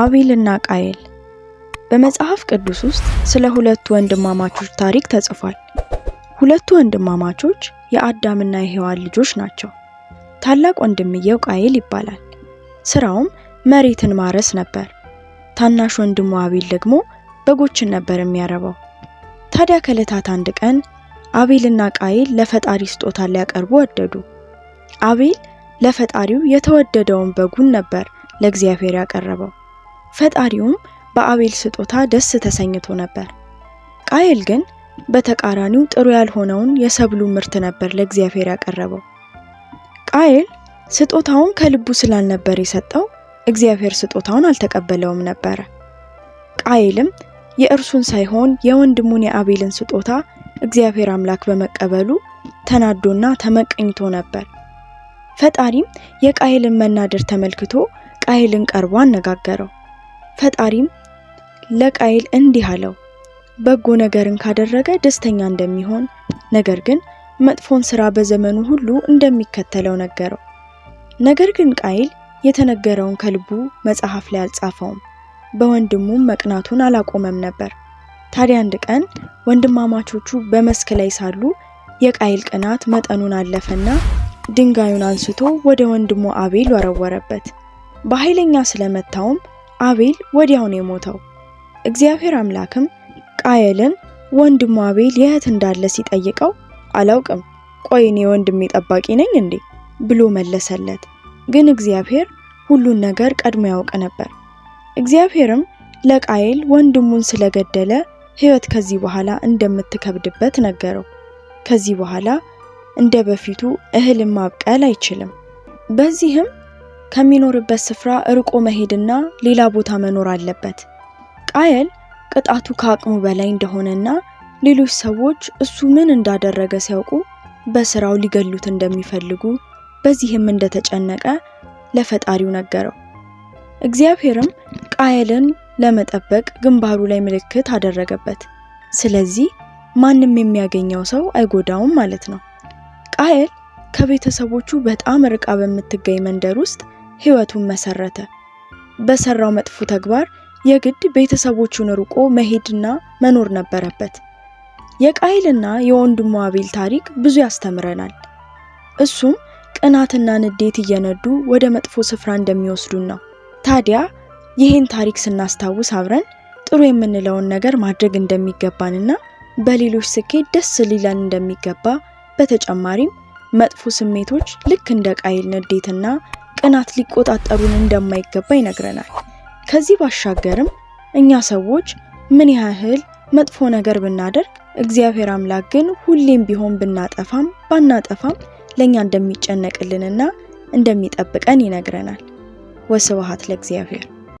አቤልና ቃየል። በመጽሐፍ ቅዱስ ውስጥ ስለ ሁለቱ ወንድማማቾች ታሪክ ተጽፏል። ሁለቱ ወንድማማቾች የአዳምና የሔዋን ልጆች ናቸው። ታላቅ ወንድምየው ቃየል ይባላል። ስራውም መሬትን ማረስ ነበር። ታናሽ ወንድሙ አቤል ደግሞ በጎችን ነበር የሚያረባው። ታዲያ ከዕለታት አንድ ቀን አቤልና ቃየል ለፈጣሪ ስጦታ ሊያቀርቡ ወደዱ። አቤል ለፈጣሪው የተወደደውን በጉን ነበር ለእግዚአብሔር ያቀረበው። ፈጣሪውም በአቤል ስጦታ ደስ ተሰኝቶ ነበር። ቃየል ግን በተቃራኒው ጥሩ ያልሆነውን የሰብሉ ምርት ነበር ለእግዚአብሔር ያቀረበው። ቃየል ስጦታውን ከልቡ ስላልነበር የሰጠው እግዚአብሔር ስጦታውን አልተቀበለውም ነበረ። ቃየልም የእርሱን ሳይሆን የወንድሙን የአቤልን ስጦታ እግዚአብሔር አምላክ በመቀበሉ ተናዶና ተመቀኝቶ ነበር። ፈጣሪም የቃየልን መናደር ተመልክቶ ቃየልን ቀርቦ አነጋገረው። ፈጣሪም ለቃይል እንዲህ አለው፣ በጎ ነገርን ካደረገ ደስተኛ እንደሚሆን፣ ነገር ግን መጥፎን ስራ በዘመኑ ሁሉ እንደሚከተለው ነገረው። ነገር ግን ቃይል የተነገረውን ከልቡ መጽሐፍ ላይ አልጻፈውም፣ በወንድሙም መቅናቱን አላቆመም ነበር። ታዲያ አንድ ቀን ወንድማማቾቹ በመስክ ላይ ሳሉ የቃይል ቅናት መጠኑን አለፈና ድንጋዩን አንስቶ ወደ ወንድሙ አቤል ወረወረበት። በኃይለኛ ስለመታውም አቤል ወዲያው ነው የሞተው። እግዚአብሔር አምላክም ቃየልን ወንድሙ አቤል የት እንዳለ ሲጠይቀው አላውቅም፣ ቆይ እኔ ወንድሜ ጠባቂ ነኝ እንዴ ብሎ መለሰለት። ግን እግዚአብሔር ሁሉን ነገር ቀድሞ ያውቅ ነበር። እግዚአብሔርም ለቃየል ወንድሙን ስለገደለ ሕይወት ከዚህ በኋላ እንደምትከብድበት ነገረው። ከዚህ በኋላ እንደ በፊቱ እህልን ማብቀል አይችልም። በዚህም ከሚኖርበት ስፍራ ርቆ መሄድና ሌላ ቦታ መኖር አለበት። ቃየል ቅጣቱ ከአቅሙ በላይ እንደሆነና ሌሎች ሰዎች እሱ ምን እንዳደረገ ሲያውቁ በስራው ሊገሉት እንደሚፈልጉ በዚህም እንደተጨነቀ ለፈጣሪው ነገረው። እግዚአብሔርም ቃየልን ለመጠበቅ ግንባሩ ላይ ምልክት አደረገበት። ስለዚህ ማንም የሚያገኘው ሰው አይጎዳውም ማለት ነው። ቃየል ከቤተሰቦቹ በጣም ርቃ በምትገኝ መንደር ውስጥ ህይወቱን መሰረተ። በሰራው መጥፎ ተግባር የግድ ቤተሰቦቹን ርቆ መሄድና መኖር ነበረበት። የቃይልና የወንድሙ አቤል ታሪክ ብዙ ያስተምረናል። እሱም ቅናትና ንዴት እየነዱ ወደ መጥፎ ስፍራ እንደሚወስዱን ነው። ታዲያ ይህን ታሪክ ስናስታውስ አብረን ጥሩ የምንለውን ነገር ማድረግ እንደሚገባንና በሌሎች ስኬት ደስ ሊለን እንደሚገባ በተጨማሪም መጥፎ ስሜቶች ልክ እንደ ቃይል ንዴትና ቅናት ሊቆጣጠሩን እንደማይገባ ይነግረናል። ከዚህ ባሻገርም እኛ ሰዎች ምን ያህል መጥፎ ነገር ብናደርግ እግዚአብሔር አምላክ ግን ሁሌም ቢሆን ብናጠፋም ባናጠፋም ለእኛ እንደሚጨነቅልንና እንደሚጠብቀን ይነግረናል። ወስብሐት ለእግዚአብሔር።